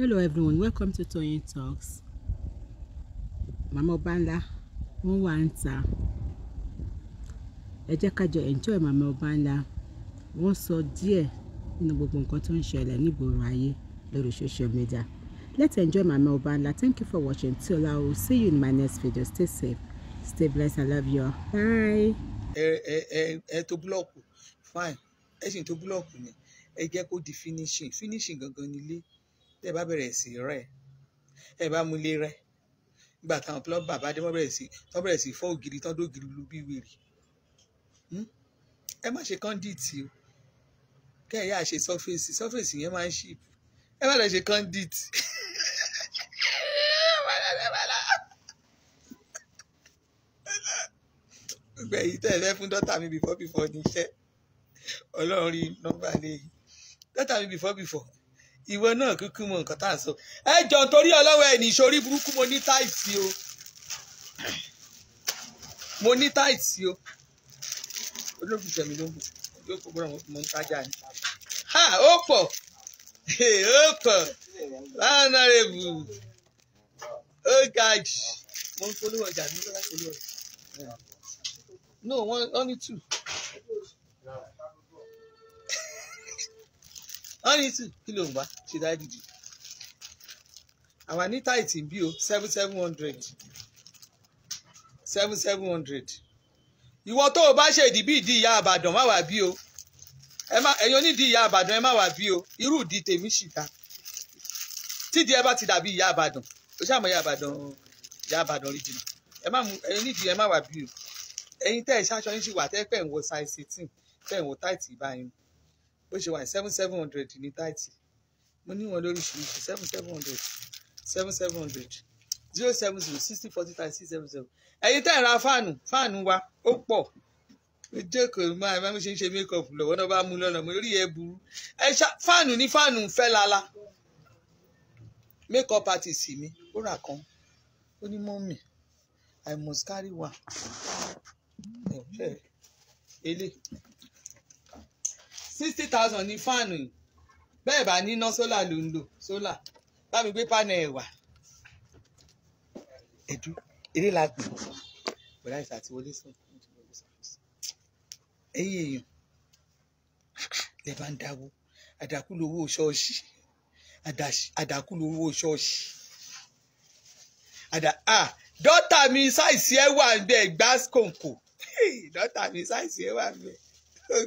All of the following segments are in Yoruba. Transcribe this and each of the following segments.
Hello everyone, welcome to Toyeen Talks. Mama Obanda, wọ́n wà ń ta. Ẹ jẹ́ ká jọ enjoy Mama Obanda. Wọ́n sọ díẹ̀ nínú gbogbo nǹkan tó ń ṣẹlẹ̀ nígboro ayé lórí social media. Let's enjoy Mama Obanda. Thank you for watching. Till I will see you in my next video. Stay safe, stay blessed. I love you. Bye. Ẹ ẹ ẹ ẹ tó búlọ̀kù fine ẹ sì tó búlọ̀kù ni ẹ jẹ́ kó di finishing finishing gangan nílé tẹ́ bá bẹ̀rẹ̀ sí rẹ̀ ẹ bá mú ilé rẹ̀ nígbà táwọn plọ́bà bá dé wọ́n bẹ̀rẹ̀ sí tọ́ bẹ̀rẹ̀ sí fọ́ ògiri tọ́ dó ògiri lu bí wèrè hmm? ẹ má ṣe kọ́ńdíìtì o kẹ́ ẹ̀yà ṣe sọ́fèsì sọ́fèsì yẹn máa ń ṣì ẹ má lọ ṣe kọ́ńdíìtì. gbẹ̀yìn tẹ̀ lẹ́ fún dọ́tà mi before before níṣẹ́ ọlọ́run rí nọ́mbà lẹ́yìn dọ́tà mi before before ìwọ náà kúkú mọ nǹkan tá à ń sọ ẹ jọ torí ọlọ́wọ́ ẹ̀ nìṣó orí burúkú mo ní táìsì o mo ní táìsì o olóògùn mi ló ń bọ̀ yóò kó bọ́ra mo ń tajà ni ha ó pọ̀ ó pọ̀ honorable ó ga jù mo ń polówó ọjà mi lọ́wọ́ polówó ọjà no one only two. ọ́nìtù kí ló ń wá ṣe dá dìdì àwa ní táìtì bí o seven seven hundred seven seven hundred ìwọ tó o bá ṣe ìdìbí ìdí ìyá àbàdàn má wà bí o ẹ̀yin onídìí ìyá àbàdàn ẹ má wà bí o irú ìdí tèmi ṣìta tídìí ẹ bá ti dàbí ìyá àbàdàn o ṣàmọ ìyá àbàdàn ìyá àbàdàn rí jìnnà ẹ má mú ẹ̀yin onídìí ẹ má wà bí o ẹ̀yin tẹ́ ẹ ṣáṣọ yín ṣì wà tẹ́ pẹ̀ ń wo size eighteen tẹ́ ń wo táìtì ìbáyín bó ṣe wà seven seven hundred ní táìtì mo ní wọn lóríṣiríṣi seven seven hundred seven seven hundred zero seven zero sixty forty thirty six seven seven ẹ̀yin tẹ́ ẹ̀ ra fáànù fáànù wa ó pọ̀ ìjókòó máa ẹ bá mi ṣe ń ṣe makeup lọ́wọ́ náà bá mú lọ́nà mo rí ẹ burú ẹ ṣá fáànù ní fáànù fẹ́ lala makeup artist mi ó rà kan ó ní mọ́mì I must carry one. Okay. Ele sixty thousand ní fáànù yìí bẹ́ẹ̀ bá níná sólà ló ń lò sólà bá mi gbé pánẹ̀ ẹ̀wà ẹ̀dú eré la gbìn bọ̀dá ìsà àti wọlé sùn ẹ̀yìn èèyàn lè bá ń dáwó àdàkùlù owó ṣọ́ọ̀ṣì àdàkùlù owó ṣọ́ọ̀ṣì àdà ah dọ́tà mi ṣáìsì ẹ̀ wà ń bẹ̀ gbàsíkòǹkò dọ́tà mi ṣáìsì ẹ̀ wà ń bẹ̀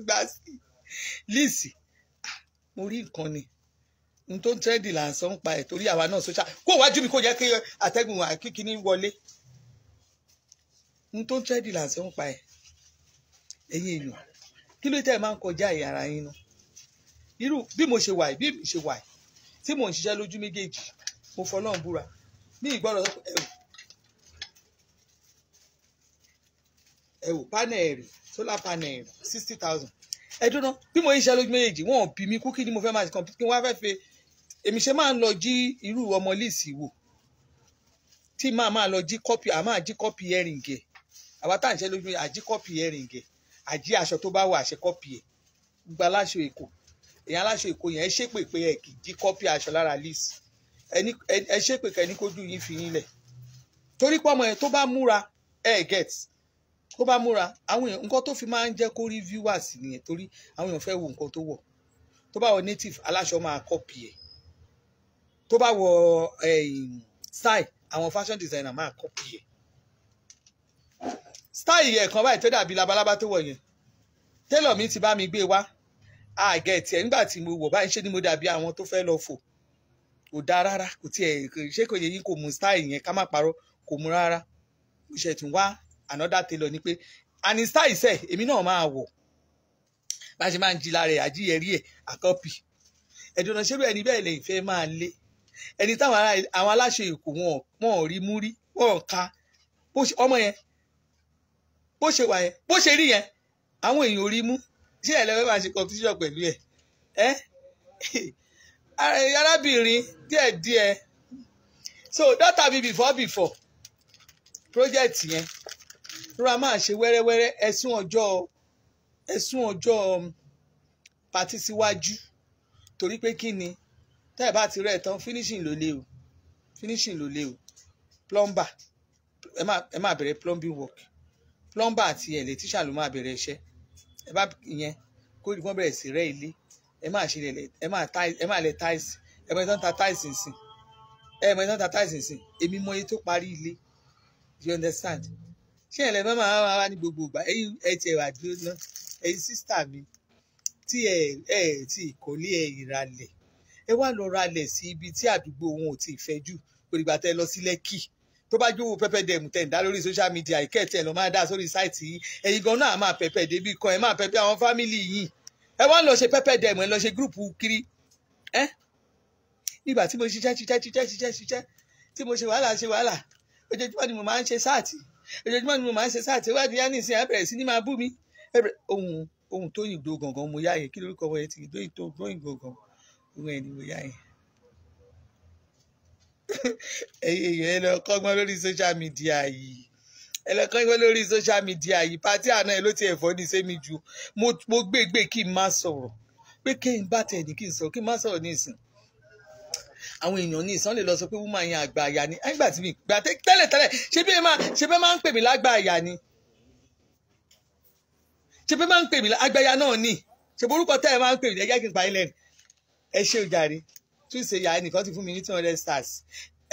gbàsíkòǹkò. lisi ah, mo rí nǹkan ni n tó ń tẹ́ẹ̀dì làǹsán ń pa ẹ̀ torí àwa náà social kó wájú mi kó jẹ́ kí atẹ́gùn àkíkíní wọlé n tó ń tẹ́ẹ̀dì làǹsán ń pa ẹ̀ ẹ̀yin èèyàn kí ló tẹ́ ẹ máa ń kọjá ẹ̀yà yín nu irú bí mo ṣe wà bí mo ṣe wà tí ẹ dúró bí mo ń ṣe lójú méjèèjì wọn ò bí mi kú kí ni mo fẹ́ máa kàn kí wọ́n fẹ́ fẹ́ èmi ṣe máa ń lọ jí irú ọmọ líìsì wò tí màá máa lọ jí kọ́pì àá máa jí kọ́pì ẹ̀rìngẹ̀ àwa tá à ń ṣe lójú àjí kọ́pì ẹ̀rìngẹ̀ àjí aṣọ tó bá wà àṣẹ kọ́pì ẹ̀ gba aláṣọ èkó èyàn aláṣọ èkó yẹn ẹ ṣépè pé ẹ kì í jí kọ́pì aṣọ lára líìsì ẹ ṣépè kẹ́ni kójú yín fi yín lẹ̀ torí pé ọmọ tó bá múra ẹ get ó bá múra àwọn èèyàn nǹkan tó fi máa ń jẹ́ kó rí viewers nìyẹn torí àwọn èèyàn fẹ́ wo nǹkan tó wọ̀ tó bá wọ native aláṣọ máa kọ́pì ẹ̀ tó bá wọ eh, style àwọn fashion designer máa kọ́pì ẹ̀ style yẹn kan báyìí tó dàbí labalábá tó wọ̀ yẹn tailor mi ti bá mi gbé wá àgẹ̀tì ẹ̀ nígbà tí mo wọ̀ báyìí ṣé ni mo dàbí àwọn tó fẹ́ lọ fò kò dáa rárá kò tiẹ̀ ṣé kò yẹ yín kò mú style yẹn ká má parọ́ kò mú rárá mo ṣe tún wá another tailor ni pé and in style sẹ èmi náà máa wọ̀ bá ṣe máa ń jìlá rẹ̀ àjíyẹrí ẹ̀ àkọ́pì ẹ̀dùn náà ṣerú ẹni bẹ́ẹ̀ lẹ́yìn fẹ́ máa lé ẹni táwọn aláṣẹ èkó wọn wọn rí mú rí wọn ka ọmọ yẹn bó ṣe wà yẹn bó ṣe rí yẹn àwọn èèyàn rí mú ṣé ẹ lẹ́wẹ́ máa ṣe competition pẹ̀lú ẹ̀ ẹ́ arábìnrin díẹ̀ díẹ̀ so dọ́tà mi before before project yẹn rọra máa ṣe wẹ́rẹ́wẹ́rẹ́ ẹ̀sùn ọjọ́ ẹ̀sùn ọjọ́ um, pàtí síwájú torí pé kí ni tẹ́ ẹ̀ bá ti rẹ̀ tán finishing ló lé o finishing ló lé o plumber ẹ máa bẹ̀rẹ̀ plumbing work plumber àti electrician ló máa bẹ̀rẹ̀ iṣẹ́ ẹ bá ìyẹn kó ìdí wọn bẹ̀rẹ̀ sí rẹ́ ilé ẹ máa ṣe lẹ̀ ẹ máa lẹ̀ tiles ẹ mọ̀ ìtàn ta tiles nsìn ẹ mọ̀ ìtàn ta tiles nsìn èmi mọ̀ iye tó parí ilé you understand ṣé ẹ lè má máa wá wá ní gbogbo ìgbà ẹ̀yin ẹ tiẹ̀ wà dúró náà ẹ̀yin sísítà mi tí ẹ ẹ ti ìkọ́lé ẹ ìralẹ̀ ẹ wá lọ ralẹ̀ sí ibi tí àdúgbò wọn ò ti fẹ́ jù òdìgbà tẹ lọ sí Lẹ́kì tó bá jówó pẹpẹ dẹmù tẹ̀ ń dá lórí social media ìkẹ́ẹ̀tẹ̀ lọ máa dá sórí sáìtì yìí ẹ̀yin gan náà máa pẹpẹ débi kan ẹ máa pẹpẹ àwọn fámìlì yìí ẹ wá lọ ṣe pẹpẹ dẹmù ẹ lọ ṣe gúrùpù kiri ẹ nígbà tí mo ṣiṣẹ́ ṣiṣẹ́ ṣiṣẹ́ ṣiṣẹ́ tí mo ṣe wàhálà ṣe wàhálà ojoojúmọ́ ni mo máa ń ṣe sáàtì ojoojúmọ́ ni mo máa ń ṣe sáà tí wájú yá nìsín abẹ̀rẹ̀ sí ni máa bú mi ohun ohun tó yìn gbó gangan mo yá yẹn kí lórúkọ wọ yẹn ti gbó ìtò gbó ìgbó gan ohun ẹ̀ ni mo yá yẹn. ẹyẹ èèyàn ẹ lọ kọ́gbọ́n lórí social media yìí ẹ lọ kọ́gbọ́n lórí social media yìí pàtí àná ẹ ló ti ẹ̀fọ́ ní sẹ́mi ju mo gbé gbé kí n má sọ̀rọ̀ pé kí n bá tẹ̀ ní kí n sọ̀rọ̀ kí n má sọ̀rọ̀ ní ìsìn àwọn èèyàn ní ìsán lè lọ sọ pé woman yẹn àgbà àyà ni nígbà tí mi gbà tẹ́lẹ̀ tẹ́lẹ̀ ṣé bí ẹ máa ṣe bẹ́ẹ̀ máa ń pè mí lágbà àyà ni ṣe bẹ́ẹ̀ máa ń pè mí lágbàyà náà ni ṣe borúkọ tẹ́ ẹ máa ń pè mí ẹ jẹ́ kí n pa ilé ẹ ṣe òjàre tún ṣe yàrá nìkan ti fún mi ní two hundred stars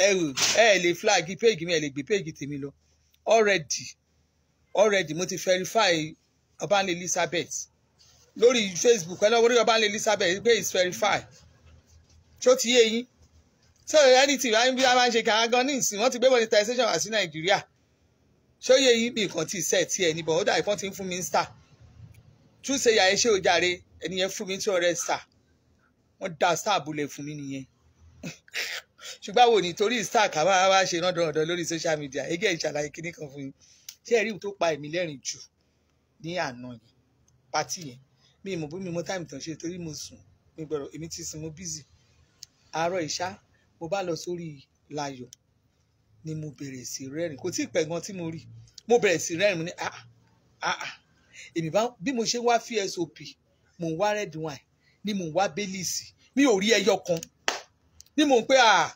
ẹrù ẹ lè flag péègì mi ẹ lè gbé péègì tèmi lọ already already mo ti verify Ọbanla Elizabeth lórí Facebook ẹ lọ wọlé Ọbanla Elizabeth pé it's verify ṣó ti yé yín so anything wá ń bí a máa ń ṣe kàá gan ní ìsìn wọ́n ti gbé monetization wá sí nàìjíríà ṣóyè yìí bí nǹkan tí ì sẹ́ẹ̀ e ẹ̀ níbọ̀ ó dà ìfọ́n ti ń fún mi ń star tún ṣe yàrá iṣẹ́ òjàre ẹnìyẹn fún mi two hundred star wọ́n da star bulẹ̀ fún mi nìyẹn ṣùgbọ́n àwọn òní torí star kà máa wá ṣe rán dandan lórí social media ẹgẹ́ ìṣàlàyé kinní kan fún yín ṣé ẹ̀rí tó pa èmi lẹ́rìn jù ní àná yìí pátì yẹn mi ì mọ̀ bí mi mọ táìmù tán ṣe torí mo sùn mi gbọ́dọ̀ èmi ti sùn mo bízì àárọ̀ ìṣá mo bá lọ sórí Láyọ̀ ni mo bẹ̀rẹ̀ sí rẹ́rìn kò tí ì pẹ́ gan tí mo rí mo bẹ̀rẹ̀ sí rẹ́rìn mo ní ah, ah ah èmi bá bí mo ṣe wá fi sop mo ń wá red wine ni mo wá bélìsì mi ò rí ẹyọ kan ni mo ń ah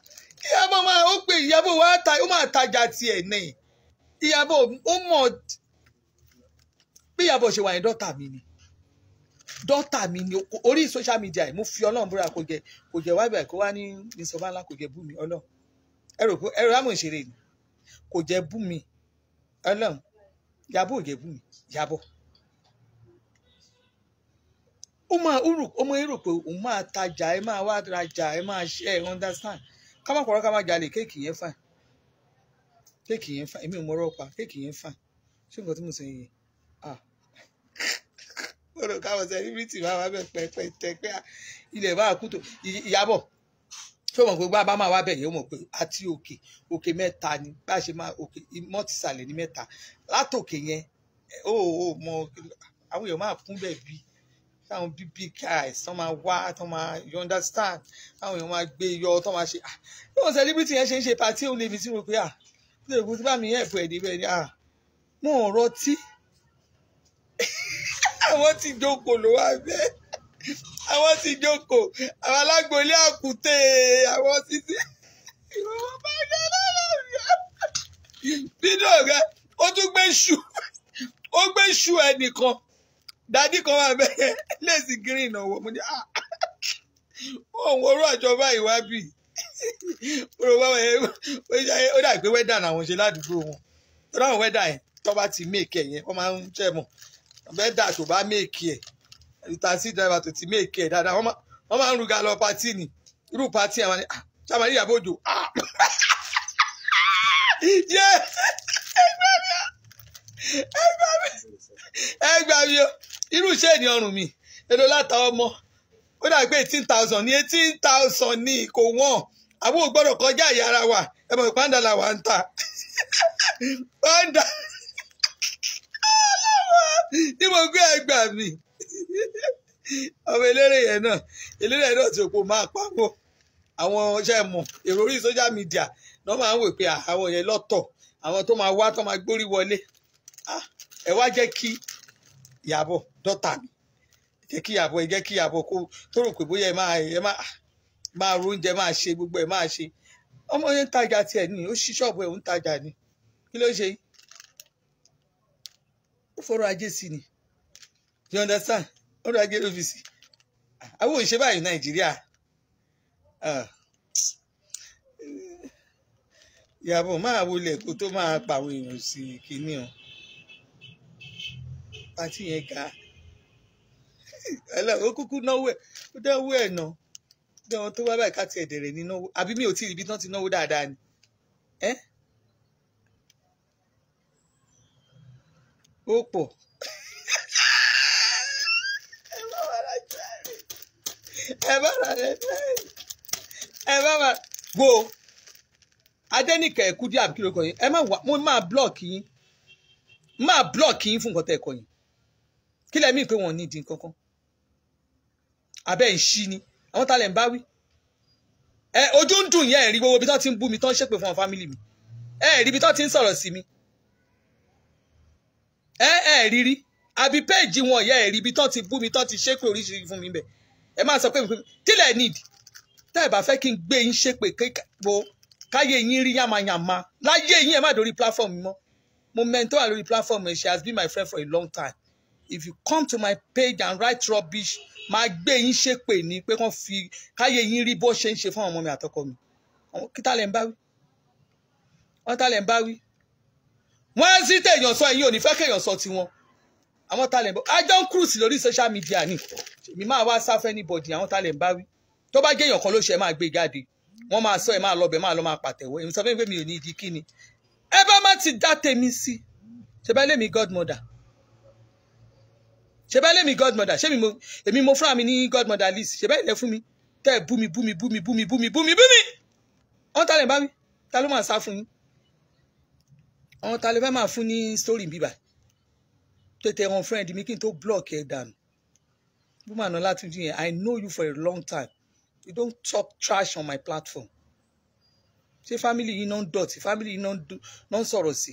ìyàbọ̀ máa ó pè ìyàbọ̀ wa ta ó máa tajà tiẹ̀ ní ìyàbọ̀ ó mọ̀ bí ìyàbọ̀ ṣe wà ní dọ́tà mi ni dọ́tà mi ni orí social media mo fi ọlọ́run kò jẹ kò jẹ wá ní ìsọ̀bá kò jẹ bú mi ọlọ́run ẹrù ẹrù ìṣeré ni kò jẹ bú mi ọlọ́run yàbọ̀ mi yàbọ̀ pé òun máa tajà ẹ máa wá rajà ẹ máa ṣe ẹ understand ká má yẹn fà kéèkì yẹn fà èmi ò mọ̀rọ̀ pa yẹn fà ṣé nǹkan tí mo sọ ah rò káwọn sẹ́líbírìtì máa wá bẹ̀ pẹ́pẹ́tẹ́ pé ilẹ̀ bá kú tó ìyàbọ̀ tí o mọ̀ pé bá máa wá bẹ̀ yẹn o mọ̀ pé àti òkè òkè mẹ́ta ni bá a ṣe máa òkè mọ́tìsàlẹ̀ ní mẹ́ta látòkè yẹn ó ó mọ àwọn èèyàn máa kún bẹ́ẹ̀ bí táwọn bíbí guys tán máa wá tán máa you understand táwọn èèyàn máa gbé yọ tán máa ṣe bí wọn celebrity yẹn ṣe ń ṣe party ó lè mi sí mo pé ah bí o kò tí bá mi yẹn ẹ̀fọ́ ẹ̀ níbẹ̀ ni ah mo rọtí àwọn ti jókòó ló wá bẹ́ẹ̀ àwọn ti jókòó àwọn alágbòlé àkùtè àwọn títí nínú ọ̀gá ó tún gbé ṣù ó gbé ṣù ẹnìkan dádì kan wà bẹ́ẹ̀ lẹ́sìn green ọ̀wọ́ mo ní ah, òun orú àjọba ìwábì òròwá ó dà pé wẹ́dà làwọn ṣe ládùúgbò wọn tó dáhùn wẹ́dà yẹn tó bá ti mí èké yẹn wọ́n máa ń jẹ́ mọ̀ mẹ́dà tó bá méèkì ẹ̀ ẹni taxi driver tó ti méèkì ẹ̀ dáadáa wọ́n máa ń ruga lọ pati ni irú pati àwọn ni sábà ní ìyàbò òjò ah! ẹ gbà mí o irú iṣẹ́ ni ọrùn mi èdè láta ọmọ ó dà pé eighteen thousand ní eighteen thousand ní kò wọ́n àbúrò gbọ́dọ̀ kọjá ìyára wa ẹ mọ̀ ìpáńdà làwọn ń ta tí mo gbé ẹgbà mi ọmọ eléré yẹn náà eléré yẹn náà ti òpó máa pa wọn àwọn ṣe mọ èrò orí social media náà máa ń wè pé ah, àwọn yẹn lọ́tọ̀ àwọn tó máa wá tó máa gbórí wọlé ah, ẹ wá jẹ́ kí Ìyábọ̀ dọ́tà mi jẹ́ kí Ìyábọ̀ ẹ jẹ́ kí Ìyábọ̀ kó tó rò pé bóyá ẹ máa ẹ máa máa máa ṣe gbogbo ẹ máa ṣe ọmọ yẹn ń tajà tiẹ̀ ni ó ṣí ṣọ́ọ̀bù ẹ̀ ń tajà ni kí ló ṣe yìí fọ́rọ̀ ajé sí ni you understand ọ̀rọ̀ ajé ló fi sí àwọn òṣìṣẹ́ báyìí nàìjíríà ah. ìyàbọ̀ máa wọlé kó tó máa pa àwọn èèyàn sí kínní o pàtí yẹn ga ó kúkú náwó ẹ̀ ó dáwó ẹ̀ náà bí wọn tó wá báyìí ká tiẹ̀ dẹ̀rẹ̀ ní náwó àbí mi ò tí ì ibi tán ti náwó dáadáa ni. Eh? ó pọ̀. ẹ bá ra rẹ jẹ́rìí ẹ bá ra wo adẹ́nìkẹ́ kúdí àbíkí ló kọ yín ẹ má wà mo máa blọ́ọ̀kì yín máa blọ́ọ̀kì yín fún nǹkan tẹ́ ẹ kọ yín kí lẹ́mí pé wọ́n ní ìdí kankan abẹ́ ìṣí ni àwọn tá lẹ̀ ń bá wí ẹ ojú ń dùn yẹn ẹ rí gbogbo ibi tó ti ń bú mi tó ń ṣépè fún àwọn fámìlì mi ẹ rí ibi tó ti ń sọ̀rọ̀ sí mi ẹ ẹ rírí àbí péèjì wọn ìyá ẹ rí ibi tó ti bú mi tó ti ṣépè oríṣiríṣi fún mi bẹ ẹ máa sọ pé kílẹ̀ need tẹ́ ẹ bá fẹ́ kí n gbé yín ṣépè kékeré káyé yín rí yàmàyàmà láyé yín ẹ má dórí platform mi mọ́ mo mẹ́ntọ́ wà lórí platform mi she has been my friend for a long time if you come to my page and write rubbish máa gbé yín ṣépè ní pé kán fi káyé yín rí bó ṣe ń ṣe fún àwọn ọmọ mi àtọkọ mi kí tá lẹ́ ń bá wí wọ́n tá lẹ́ ń bá wí wọ́n á sí tèèyàn sọ ẹ̀yin ò ní fẹ́ kéèyàn sọ tiwọn àwọn tá a lè bọ́ ajọ́ ń cruise lórí social media ni mi máa wá sáfẹ́ ní bọ̀dì àwọn tá a lè ń bá wí tó bá jẹ́ èèyàn kan ló ṣe ẹ máa gbé jáde wọ́n máa sọ ẹ máa lọ bẹ̀ máa lọ máa pàtẹ́wọ́ èmi sọ fún mi pé mi ò ní ìdí kí ni ẹ bá má ti dá tèmi sí ṣe bá lèmi godmother ṣe bá lèmi godmother ṣé èmi mo fúnra mi ní godmother list ṣe bá ilẹ̀ fún mi tẹ́ ẹ bú mi bú mi bú mi bú mi bú mi bú mi bú mi wọ́n tá a lè bá wí ta ló máa sá fún yín àwọn ta ló fẹ́ máa fún ní story bíbà tètè ran friend mi kí n tó block ẹ dànù woman náà láti dín yẹn I know you for a long time you don't talk trash on my platform ṣé family yìí náà ń dọ̀tí family yìí náà ń sọ̀rọ̀ sí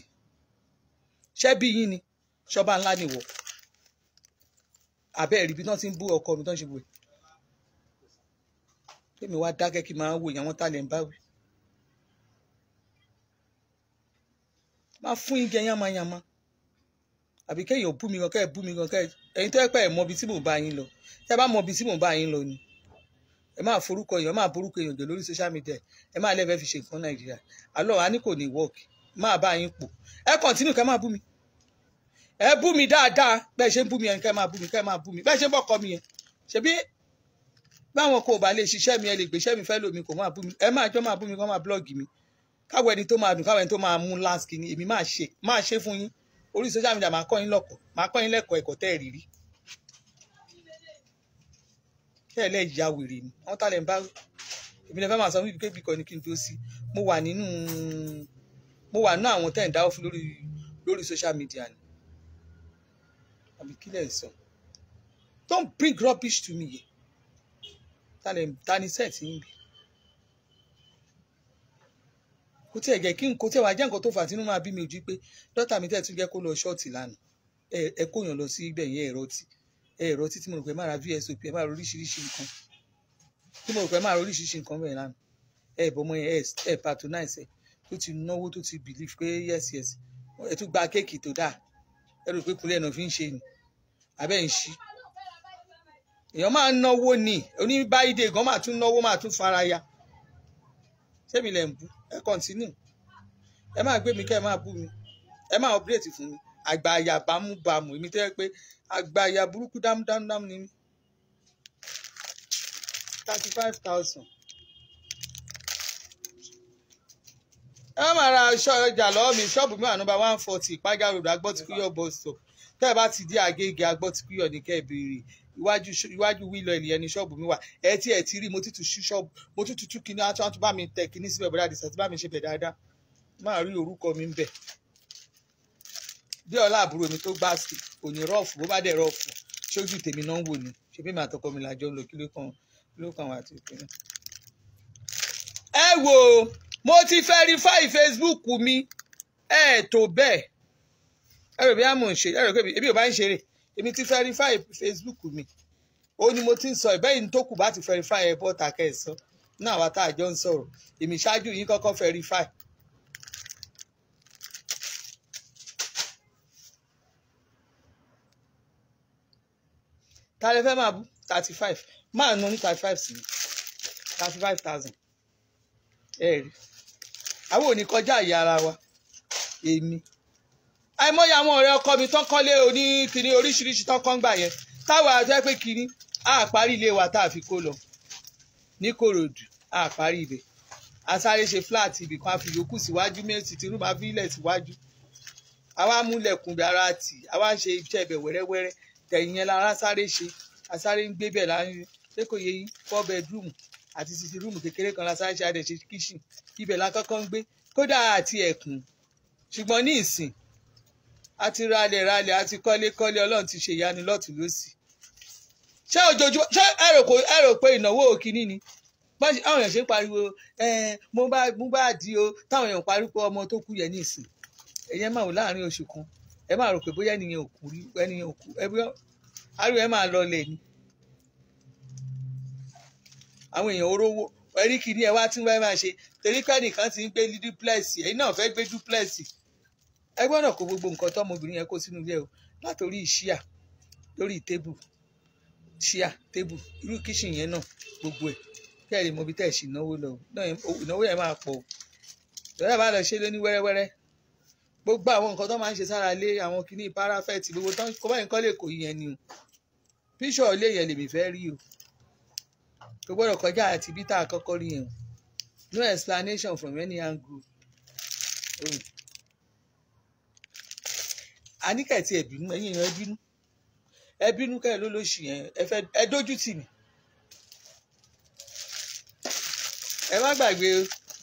ṣẹ́bí yìí ni ṣọba ńlá nìwọ abẹ́ ìrìbí náà ti ń bú ọkọ mi tó ń ṣe wèé kémi wá dákẹ́ kí n máa wò yẹn àwọn tá lè ń bá máa fún yín jẹ yánmayánmá àbí kẹ́yìn ò bú mi gan kẹ́ ẹ̀ bú mi gan kẹ́ ẹ̀yin tó ẹ̀ pẹ́ ẹ̀ mọ tí mò ń bá yín lọ tẹ́ ẹ bá mọ tí mò ń bá yín lọ ni ẹ máa forúkọ èèyàn máa borúkọ èèyàn jọ lórí social media ẹ máa lẹ́fẹ̀ẹ́ fi ṣe nǹkan nàìjíríà àlọ́ wa ní kò ní work máa bá yín pọ̀ ẹ kọ̀ntínú kẹ́ máa bú mi ẹ bú mi dáadáa bẹ́ẹ̀ ṣe ń bú mi yẹn kẹ́ máa bú mi kẹ́ máa bú mi bẹ́ẹ̀ ṣe ń bọ̀kọ mi yẹn ṣebí báwọn kò bá lè ṣiṣẹ́ mi ẹ lè gbéṣẹ́ mi fẹ́ lómi kò máa bú mi ẹ máa jọ máa bú mi kọ́ máa blọ́ọ̀gì mi káwọ ẹni tó máa dùn káwọ ẹni tó máa mú last kìíní èmi máa ṣe máa ṣe fún yín orí social media máa kọ́ yín lọ́kọ̀ máa kọ́ yín lẹ́kọ̀ọ́ ẹ̀kọ́ tẹ́ ẹ̀ rírí. kẹ́ ẹ̀ lẹ́ ya wèrè ni wọ́n tà lẹ́ ń bá èmi lẹ́ fẹ́ máa sọ fún ibi kébìkọ ni kí n tó sí mo wà nínú mo wà nínú àwọn tẹ́ ẹ̀ ń dáwọ́ fún lórí lórí social media ni àbí kí lẹ́ ń sọ don't bring rubbish to me yẹ tani tani set yín kò tí ẹ jẹ́ kí n kò tí ẹ wá jẹ́ nǹkan tó fà tínú máa bí mi ojú pé dọ́tà mi tẹ̀ tún jẹ́ kó lọ ṣọ́ọ̀tì lánàá ẹ kóyàn lọ sí ibẹ̀ yẹn ẹ̀rọ tí ẹ̀rọ tí tí mo rò pé má ra vsop ẹ má ra oríṣiríṣi nǹkan tí mo rò pé má ra oríṣiríṣi nǹkan bẹ́ẹ̀ lánàá ẹ bọ́mọ yẹn ẹ patronize ẹ tó ti náwó tó ti believe pé yes yes ẹ tún gba kéèkì tó dáa ẹ rò pé kúlẹ̀ náà fi ń ṣe ni abẹ́ ń ṣí èèyàn máa ń náwó ni oníbáyídé gan máa tún náwó máa tún faraya sẹ́mi lẹ́ ẹ kọ́ntínú ẹ máa gbé mi kẹ́ ẹ máa bú mi ẹ máa ọ̀bírètì fún mi àgbàyà bámúbámú èmi tẹ́ ẹ pé àgbàyà burúkú dámúdámúdámú ni mí thirty five thousand. ẹ máa ra aṣọ ọjà lọ́wọ́ mi ṣọ́ọ̀bù mi wà nọ́mbà one forty ìpájà road agbọ́tikúyọ̀ bus stop tẹ́ ẹ bá ti dé àgègè agbọ́tikúyọ̀ ní kẹ́ ẹ béèrè iwájú iwájú wílọ ìlú ẹni ṣọ́ọ̀bù mi wà ẹ tí ẹ ti rí mo ti tu ṣọ́ọ̀bù mo ti tutù kíní àti àti bá mi tẹ kíní síbẹ̀ bọ́dá àdìsá ti bá mi ṣe bẹ̀ dáadáa máa rí orúkọ mi ń bẹ̀. bí ọlá àbúrò mi tó gbá sí òní rọ́ọ̀fù bó bá dẹ̀ rọ́ọ̀fù ṣojú tèmi náà ń wò ni ṣe bí màá tọkọ mi làjọ ń lò kí ló kàn ló wà tó ìpínlẹ̀. ẹ wo mo ti verify Facebook mi ẹ tó bẹ́ẹ̀ ẹ rò bí a mò ń ṣe ẹ rò pé ebi ò bá ń ṣeré èmi ti verify Facebook mi ó ní mo ti ń sọ ẹ̀ bẹ́ẹ̀ tó kù bá ti verify ẹ̀ bọ́ta kẹsàn-án náà wá tá a jọ ń sọ̀rọ̀ èmi ṣáájú yín kọ́kọ́ verify. ta lè fẹ́ máa bú thirty five máa nu ní thirty five sí thirty five thousand ẹ rí àwọn ò ní kọjá àyè ara wa èmi. E àìmọye àwọn ọ̀rẹ́ ọkọ mi tán kọ́lé oní kìíní oríṣiríṣi tán kọ́ ń gbà yẹn táwa jẹ́ pé kìíní a parí ilé wa tá a fi kó lọ ní Kòròdú a parí ibẹ̀ a sáré ṣe flat ibì kan a fi yòókù síwájú méjì tí rúbà fi ilẹ̀ síwájú àwa múlẹ̀kùn ara tì àwa ń ṣe iṣẹ́ ibẹ̀ wẹ́rẹ́wẹ́rẹ́ tẹ̀yìn yẹn lára sáré ṣe a ń gbé bẹ̀ láyé ṣé kò yẹ yín four bedroom àti sisi rúùmù kékeré kan la sáré ṣe adẹ̀ ṣe kíṣìn ibẹ̀ la kọ́kọ́ ń gbé kódà àti ẹ̀kún ṣùgbọ́n ní ìsìn a ti ralẹ̀ ralẹ̀ a ti kọ́lé kọ́lé ọlọ́run ti ṣe ìyanu lọ́tún lọ́sì ṣé ojoojúmọ́ ṣé ẹ rò pé ìnáwó òkínní ni báwọn èèyàn ṣe ń pariwo mo bá mo bá di o táwọn èèyàn pariwo ọmọ tó kú yẹn ní ìsìn ẹ̀yẹ́ máa wò láàrin oṣù kan ẹ máa rò pé bóyá ènìyàn òkú rí ènìyàn òkú ẹbí ariwo ẹ máa lọlẹ̀ ni àwọn èèyàn orówó ẹ̀rí kìíní ẹ wá tí wọ́n máa ṣe torí pé ẹnìkan ti ń gbé duplex ẹ̀yin náà fẹ́ gbé duplex ẹ gbọ́dọ̀ kó gbogbo nǹkan tọ́mọbìnrin yẹn kó sínú ilé o látòrí ṣíà lórí tébù ṣíà tébù irú kíṣìn yẹn náà gbogbo ẹ̀ kí ẹ lè mọ ibi tẹ́ ẹ̀ sì náwó lọ ìnáwó yẹn máa pọ̀ lọ́yà bá lọ ṣe lé ní wẹ́rẹ́wẹ́rẹ́ gbogbo àwọn nǹkan tó máa ń ṣe sára lé àwọn kìíní parafẹ́ẹ̀tì gbogbo tán kó báyìí nǹkan lè kó yẹn ni o píṣọ̀ ilé yẹn lèmi fẹ́ rí o kò gbọ́dọ̀ kọjá àti bí tá a kọ́kọ́ rí yẹn o no explanation from any angle. Oh àníkà ẹ̀ tí ẹ bínú ẹ̀yin èèyàn ẹ bínú ẹ bínú ká ẹ ló lóṣù yẹn ẹ fẹ́ ẹ dójú tì mí. ẹ má gbàgbé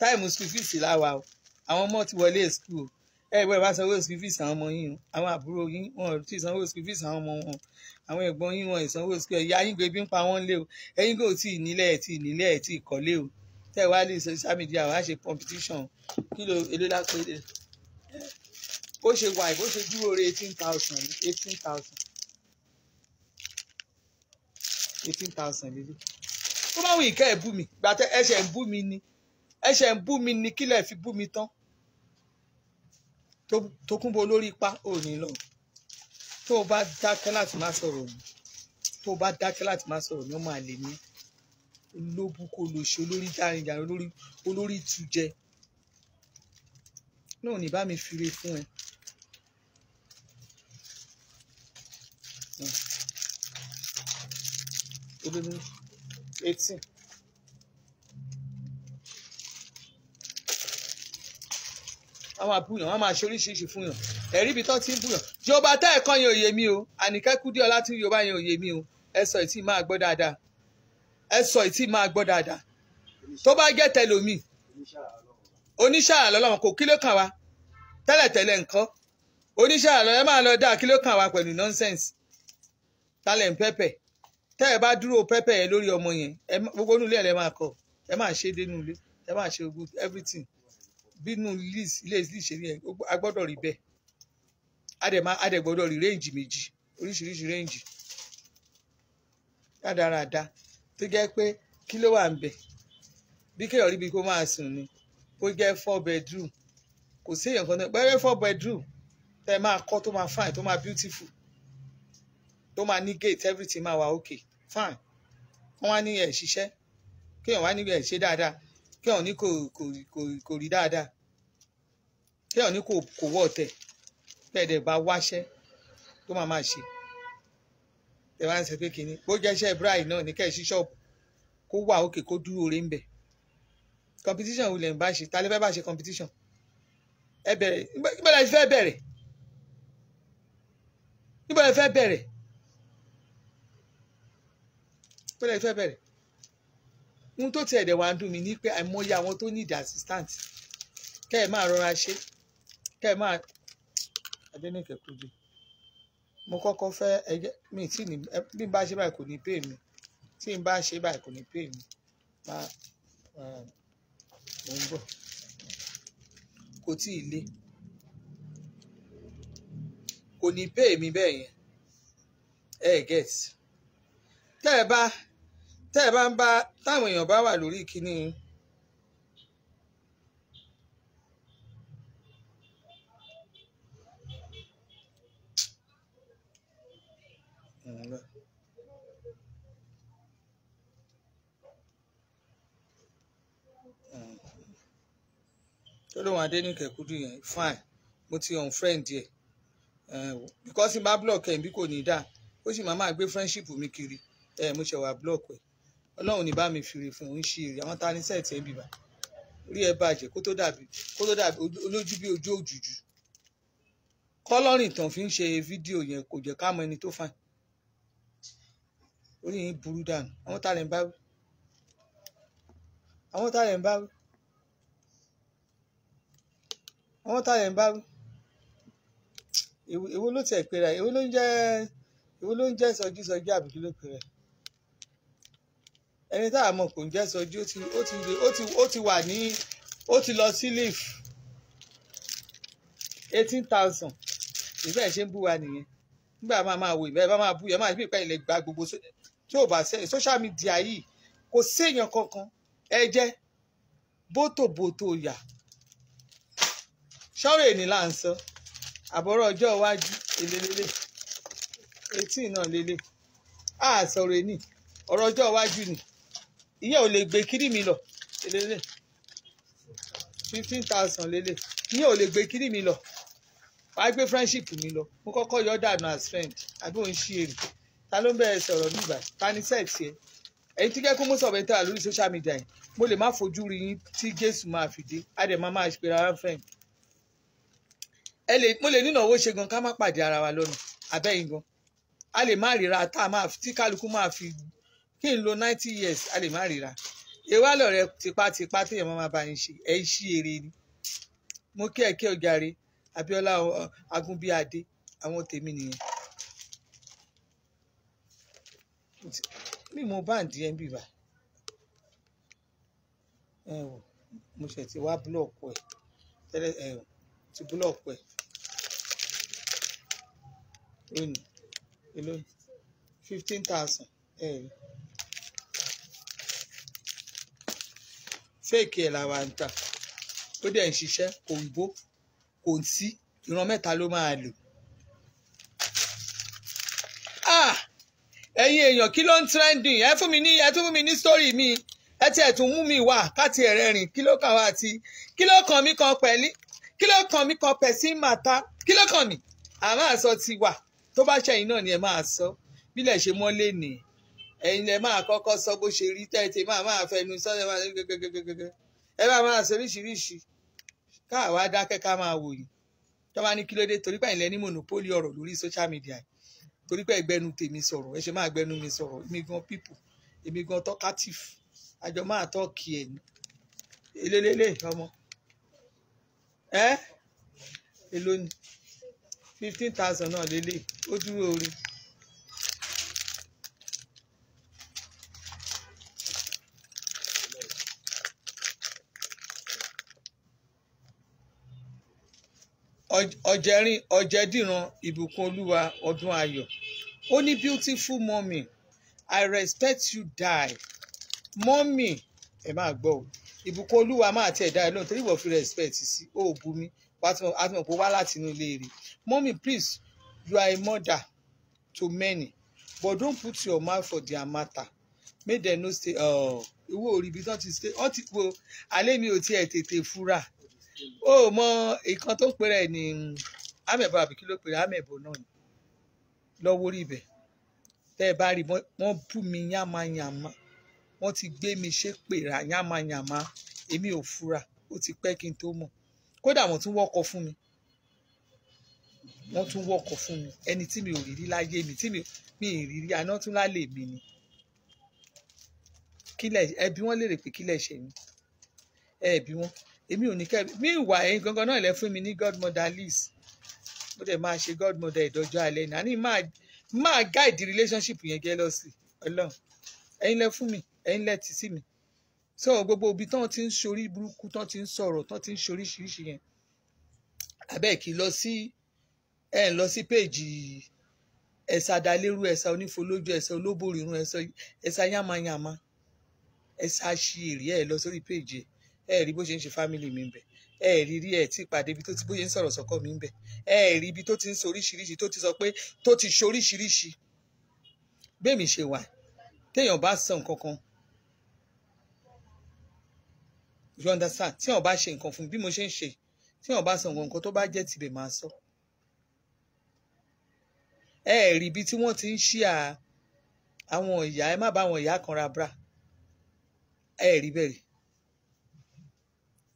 táìmù school fees láwa o àwọn ọmọ ti wọlé school ẹ ìwé ìbá sanwó school fees àwọn ọmọ yín àwọn àbúrò yín wọn ti sanwó school fees àwọn ọmọ wọn àwọn ẹ̀gbọ́n yín wọn ìsanwó school ẹ̀yà yín gbẹbí ń pa wọ́n lé o ẹ̀yin kò tí ì nílẹ̀ ẹ̀ tí ì nílẹ̀ ẹ̀ tí ì kọ́lé o tẹ́ ẹ wá lè social media wá ṣe competition kí ló èlò lápẹ́ bó ṣe wà bó ṣe dúró re eighteen thousand eighteen thousand eighteen thousand lélẹ̀ tó bá wù yín kẹ́ ẹ̀ bú mi gbàtẹ́ ẹ̀ṣẹ̀ ń bú mi ni ẹ̀ṣẹ̀ ń bú mi ni kílẹ̀ fi bú mi tán tó kún bo lórí ipa ò ní lọ tó o bá dákẹ́ láti má sọ̀rọ̀ mi tó o bá dákẹ́ láti má sọ̀rọ̀ mi ó máa lè ní lóbu kó lò ṣe olórí járinjàrin olórí olórí tujẹ náà ní bá mi fire fún ẹ. tó lé ní eighteen. wọ́n máa búyàn wọ́n máa ṣe oríṣiríṣi fún yàn ẹ̀rí ibi tó ti ń búyàn yorùbá tá ẹ̀kọ́ yẹn ò yé mi o àníkẹ́ kúdí ọlá tí yorùbá yẹn ò yé mi o ẹ sọ ìtì máa gbọ́ dáadáa ẹ sọ ìtì máa gbọ́ dáadáa tó bá jẹ́ tẹlomi oníṣàlọ́ kò kí ló kàn wá tẹ́lẹ̀tẹ́lẹ̀ nǹkan oníṣàlọ́ ẹ máa lọ dáa kí ló kàn wá pẹ̀lú nonsense talent pẹ́pẹ́ tẹ́ ẹ bá dúró pẹ́pẹ́ yẹn lórí ọmọ yẹn gbogbo inú ilé ẹ̀ máa kọ́ ẹ máa ṣe dénú ilé ẹ máa ṣe ogun everything bínú ilé ìsìlì ṣe yẹn a gbọ́dọ̀ rí bẹ́ẹ̀ a dẹ̀ gbọ́dọ̀ rí réǹjì méjì oríṣiríṣi réǹjì rádaràda tó jẹ́ pé kí ló wà ń bẹ̀ bí kéèyàn ríbi kó máa sùn ni kó jẹ́ four bedroom kò sí èèyàn kan náà bẹ́ẹ̀ four bedroom tẹ́ máa kọ́ tó máa fine tó máa beautiful tó máa ní gate everything máa wà ok fine wọ́n wá ní ẹ̀ ṣiṣẹ́ kéèyàn wá ní ẹ̀ ṣe dáadáa kéèyàn ní kò kò kò kò rí dáadáa kéèyàn ní kò kò wọ́ ọ̀tẹ̀ bẹ́ẹ̀ bá wáṣẹ́ tó máa máa ṣe ẹ wá ń sọ pé kínní bó jẹ́ iṣẹ́ brai náà ní kẹ́ẹ̀ sí ṣọ́ọ̀bù kó wà òkè kó dúró oore ń bẹ̀ competition wulẹ̀ ń bá ṣe ta fẹ́ bá ṣe competition ẹ bẹ̀rẹ̀ nígbà tí fẹ́ bẹ̀rẹ̀ nígbà tí fẹ́ bẹ̀rẹ̀ pẹ́lẹ́ fẹ́ bẹ̀rẹ̀ ohun tó tiẹ̀ dẹ̀ wá ń dùn mí ni pé àìmọye àwọn tó ní ìdí assistant kẹ́ ẹ̀ máa rọra ṣe kẹ́ ẹ̀ máa adẹ́nìkẹ́ kúndé mo kọ́kọ́ fẹ́ ẹgbẹ́ mi tí ní bí n bá ṣe báyìí kò ní pè mí tí n bá ṣe báyìí kò ní pè mí má mo ń bọ̀ kò tí ì le kò ní pè mí bẹ́ẹ̀ yẹn ẹ̀ tẹ́ ẹ bá tẹ́ ẹ bá ń bá táwọn èèyàn bá wà lórí kínní tó lóun adéníkẹ́ kúdú yẹn fine mo ti unfriend yẹ eh, because n bá block ẹ̀ bí kò ní í dá ó sì máa máa gbé friendship mi kiri ẹ̀ eh, mo ṣe wà block ẹ̀ ọlọ́run ní bá mi fìrè fún òun ṣe èrè àwọn ta ni sẹ́ẹ̀tì ẹ̀ bìbà orí ẹ̀ bàjẹ́ kó tó dàbí kó tó dàbí olójú bí ojú òjùjú kọ́lọ́rìn tàn fi ń ṣe fídíò yẹn kò jẹ́ ká mọ ẹni tó fàn orí yìí burú dànù àwọn ta lẹ̀ ń bá wí àwọn ta lẹ̀ ń bá wí àwọn ta lẹ̀ ń bá wí èwo ló tiẹ̀ pera èwo ló ń jẹ́ èwo ló ń jẹ́ sọjú sọjú àbíkí ló pera ẹni tá a mọ̀ kò ń jẹ́ Sọjí ó ti ó ti ó ti ó ti wà ní ó ti lọ sí leaf eighteen thousand ìbẹ́ ẹ̀ ṣe ń bú wa nìyẹn nígbà máa máa wò ìbẹ́ bá máa bú yẹn máa bí ìpẹ́ ilẹ̀ gba gbogbo tí ò bá sẹ́yìn social media yìí kò séèyàn kankan ẹ jẹ́ bótòbótò yà ṣọ́rọ̀ èní là ń sọ àbọ̀rọ̀ ọjọ́ iwájú èlélélẹ̀ etí náà lélẹ̀ àà sọ̀rọ̀ èní ọ̀rọ̀ ọjọ́ iwájú ni ìyá ò lè gbé kiri lọ lélẹ̀ fifteen thousand lélẹ̀ ìyá ò lè gbé kiri mi lọ wàá gbé friendship mi lọ mo kọ́kọ́ yọ dànù as friend àbí òun ṣí èrè ta ló ń bẹ̀rẹ̀ sọ̀rọ̀ nígbà ta ni sex yẹ ẹ̀yin tí kẹ́kọ̀ọ́ mọ́sọ̀ ọ̀bẹ tẹ́wà lórí social media yìí mo lè má fojú rí yín tí jésù máa fi dé á dẹ̀ máa máa pera ara friend ẹ lè mo lè nínà owó ṣe gan ká má pàdé ara wa lọ́nà abẹ́yìn gan a lè má ríra tá a máa tí kálukú máa fi kí n lo ninety years a lè má ríra ewa lọ̀rẹ́ tipátipá téèyàn máa bá yín ṣe ẹ̀ ń ṣí eré ni mo kí ẹ kí ọjàre Abíọ́lá Agúnbíadé àwọn tèmi nìyẹn ní mo bá ń di ẹ ń bìbà ẹ wò mo ṣe ti wá búlọ̀kù ẹ tẹ́lẹ̀ ẹ wò ti búlọ̀kù ẹ lónìí fifteen thousand ẹ rí. fẹ́ẹ̀kì ẹ̀ làwa ń tà ó dẹ̀ ń ṣiṣẹ́ kò ń bó kò ń tí ìran mẹ́ta ló máa lò. Ah! ẹ̀yin èèyàn kí ló ń trending ẹ fún mi ní ẹ tún fún mi ní story mi ẹ ti ẹ̀ tún mú mi wá káti ẹ̀rẹ́ rìn kí ló kàn wá àti kí ló kàn mí kan pẹ̀lú kí ló kàn mí kan pẹ̀sí màtá kí ló kàn mí àmọ́ àsọ ti wà tó bá ṣẹ̀yìn náà ni ẹ máa sọ bílẹ̀ ṣe mọ́lé nìyẹn ẹ̀yin lẹ máa kọ́kọ́ sọ bó ṣe rí tẹ́ ẹ ti máa máa fẹnu sọ́dẹ̀ máa ní gẹ́gẹ́gẹ́gẹ́ ẹ máa máa sọ oríṣiríṣi káàwá dákẹ́ ká máa wò yìí tó bá ní kí ló dé torí pé ìlẹ̀ ní monopoli ọ̀rọ̀ lórí social media torí pé ẹgbẹ́nu tèmi sọ̀rọ̀ ẹ ṣe máa gbẹ́nu mi sọ̀rọ̀ èmi gan people èmi gan talkative àjọ máa tọ́ọ̀kì ẹ̀ ní elélélé ọmọ ẹ èlò ni fifteen thousand náà lélẹ̀ ó dúró orin. ọ̀jẹ̀rin ọ̀jẹ̀dìran ìbùkún olúwa ọdún ayọ̀ ó ní beautiful mommy i respect you die mommy ẹ máa gbọ́ o ìbùkún olúwa máa tẹ̀ dáa lóhùn torí fi respect sí ó bu mi àti mọ̀ pé wá láti inú ilé rẹ̀ mommy please you are a mother to many but don't put your mouth for their matter make dem no stay oh, ìwọ òrìbí tó ti stay ọ́ ti po alẹ́ mi ò tiẹ̀ tètè fura o mọ ìkan tó ń pèrè ẹ̀ ní amẹ̀bọ àbí kí ló pèrè amẹ̀bọ náà ni lọ́wọ́ rí ibẹ̀ tẹ́ ẹ bá rí wọ́n bú mi yánmayànmá wọ́n ti gbé mi ṣépè rà yánmayànmá èmi ò fura ó ti pẹ́ kí n tó mọ̀ kódà wọ́n tún wọ́kọ̀ fún mi wọ́n tún wọ́kọ̀ fún mi ẹni tí mi ò rí rí láyé mi tí mi ì rí rí aná tún lálẹ́ mi ni kílẹ̀ ẹbí wọ́n lérè pé kílẹ̀ ṣe ni ẹbí wọ́n èmi ò ní kẹ́ mi ìwà ẹ̀yin gangan náà lẹ fún mi ní godmother list mo dẹ̀ máa ṣe godmother ìdọ́jọ́ alẹ́ ní àní máa máa guide relationship yẹn jealousy ọlọ́run ẹ̀yin lẹ fún mi ẹ̀yin lẹ ti sí mi so gbogbo ibi tán ti ń ṣorí burúkú tán ti ń sọ̀rọ̀ tán ti ń ṣoríṣiríṣi yẹn abẹ́ kì í lọ sí ẹ̀ ń lọ sí péèjì ẹ̀sà dalérú ẹ̀sà onífolójú ẹ̀sà olóbòrìrún ẹ̀sà yamayama ẹ̀sà aṣèrè ẹ̀ lọ sórí péèjì ẹ̀ ẹ rí bó ṣe ń ṣe fámìlì mi bẹ̀ ẹ rí rí ẹ tí ìpàdé ibi tó ti bó ṣe ń sọ̀rọ̀ sọ́kọ mi bẹ̀ ẹ rí ibi tó ti ń soríṣiríṣi tó ti sọ pé tó ti ṣoríṣiríṣi bẹ́ẹ̀ mi ṣe wà téèyàn bá sọ nǹkan kan you understand tí wọn bá ṣe nǹkan fún mi bí mo ṣe ń ṣe tí bá sọ nǹkan tó bá jẹ́ tìbẹ̀ máa sọ. ẹ rí ibi tí wọ́n ti ń ṣí àwọn ìyá ẹ má bá àwọn ìyá kan ra bra ẹ rí bẹ́ẹ̀ rí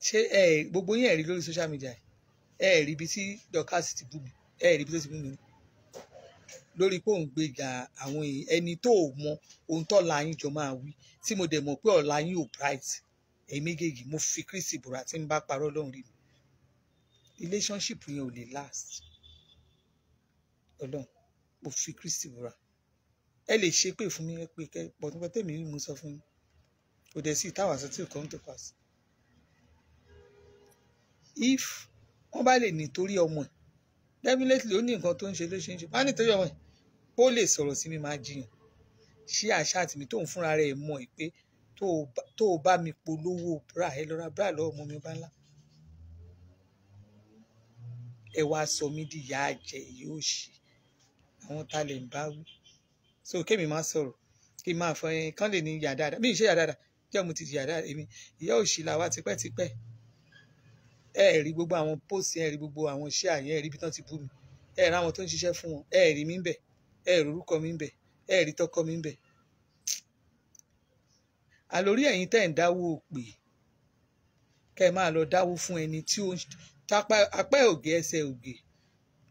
ṣé ẹ gbogbo yín ẹ rí lórí social media ẹ rí ibi tí Dorkas ti bú mi ẹ rí ibi tó ti bú mi lórí pé òun gbéga àwọn ẹni tó o mọ ohun tó la yín jọ máa wí tí mo dẹ̀ mọ̀ pé ọ̀la yín ò bright ẹ̀yin méjèèjì mo fi Kristi bùrà tí ń bá parọ́ lọ́run rí mi relationship yẹn ò lè last ọlọ́run mo fi Kristi bùrà ẹ lè ṣe pé fún mi ẹ pé kẹ pọ̀ nípa tẹ̀mí sọ fún yín kò dẹ̀ sí ìtawàsọ tí ò come to pass if wọ́n bá lè nítorí ọmọ ẹ̀ definitely ó ní nǹkan tó ń ṣe relationship má nítorí ọmọ ẹ̀ bó lè sọ̀rọ̀ sí mi máa jiyàn ṣí àṣà àtìmí tóun fúnra rẹ̀ mọ̀ ẹ́ pé tó o bá mi polówó bra ẹ lọ ra bra lọ́wọ́ ọmọ mi bá ńlá ẹ wá sọ mí di ìyá àjẹ yóò ṣe àwọn tá lè ń bá wí so kémi máa sọ̀rọ̀ kí n máa fọ ẹyin kán lè ní ìyá dáadáa bí ìṣe ìyá dáadáa jẹ́ mo ti di ìyá dáadáa èmi ìyá òṣì làwa tipẹ́tipẹ́ ẹ rí gbogbo àwọn póòsì ẹ rí gbogbo àwọn iṣẹ́ àyẹn ẹ rí ibi tán ti bú mi ẹ rí àwọn tó ń ṣiṣẹ́ fún wọn ẹ rí mi ń bẹ̀ ẹ rí orúkọ mi ń bẹ̀ ẹ rí tọkọ mi ń bẹ̀. àlórí ẹ̀yin tẹ́ ń dáwó pè kẹ́ ẹ máa lọ dáwó fún ẹni tí ó ń tapá apá ògè ẹsẹ̀ ògè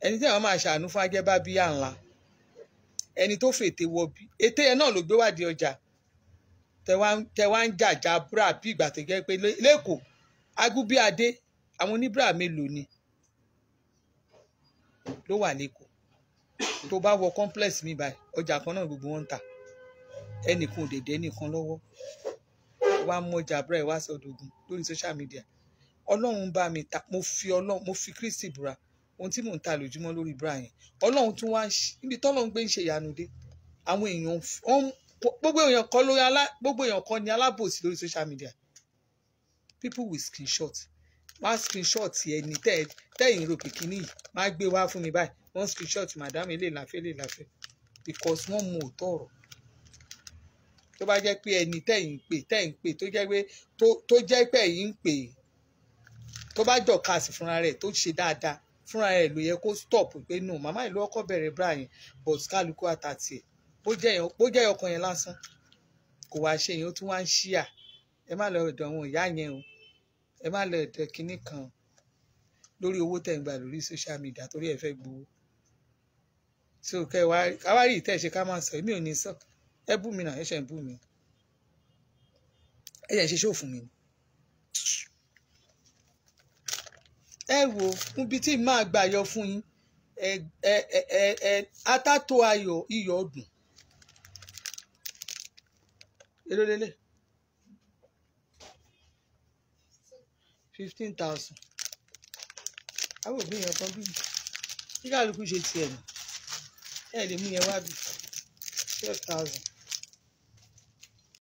ẹni tí àwọn máa ṣàánú fún ajẹ́bá bí àǹlà ẹni tó fètè wọbi ètè ẹ náà ló gbé wádìí ọjà tẹ wá ń jàjà búra bí ìgbà tó jẹ́ pé lẹ́kọ̀ọ́ agúbíadé àwọn oníbíra mélòó ni ló wà lẹ́kọ̀ọ́ tó bá wọ complex mi báyìí ọjà kan náà gbogbo wọn ń tà ẹnìkan òdèdè ẹnìkan lọ́wọ́ wá mọ́jà abúlé wá sọdọ̀gùn lórí social media ọlọ́run bá mi ta mo fi ọlọ́run mo fi kristi búra ohun tí mò ń ta lójúmọ́ lórí búra yẹn ọlọ́run tún wá níbi tọ́lọ́run gbé ń ṣe ìyanu dé àwọn èèyàn gbogbo èèyàn kọ́ ni alábòsí lórí social media people with screenshot wọ́n á screenshot ẹni tẹ́yìn ro pìkínní yìí wọ́n á gbé wá fún mi báyìí wọ́n screenshot madam ilé ìlàfẹ́ ilé ìlàfẹ́ because wọ́n mú òótọ́ ọ̀rọ̀ tó bá jẹ́ pé ẹni tẹ́yìn pè tẹ́yìn pè tó jẹ́ pé tó jẹ́ pé ẹ̀yìn ń pè tó bá jọ̀ka sí fúnra rẹ̀ tó ṣe dáadáa fúnra rẹ̀ ló yẹ kó stop pé no màmá ìlú ọkọ bẹ̀rẹ̀ bra yẹn but kálukú àtàtì ẹ̀ bó jẹ́ ọkàn yẹn lásán kò wá ṣe yẹn ó tún wá ń ṣíà ẹ má lọ ọ̀dọ̀ àwọn ìyá yẹn o ẹ má lọ ẹ̀tẹ̀ kinní kan lórí owó tẹ̀ ń gbà lórí social media torí ẹ fẹ́ gbowó so kẹ wá káwá rí ìtẹ́ ṣe ká máa sọ èmi ò ní sọ ẹ bú mi náà ẹ ṣe ń bú mi ẹ ṣe ń ṣe ṣòfò mi ni. ẹ wo níbi tí màá gbà yọ fún yín ẹ ẹ ẹ ẹ atátó ayọ̀ iyọ̀ ọdún. elólélẹ̀. 15,000. àwọn òbí yẹn kan bí kí kálukú ṣe tiẹ̀ nù ẹ̀ lè mú yẹn wá bí twelve thousand.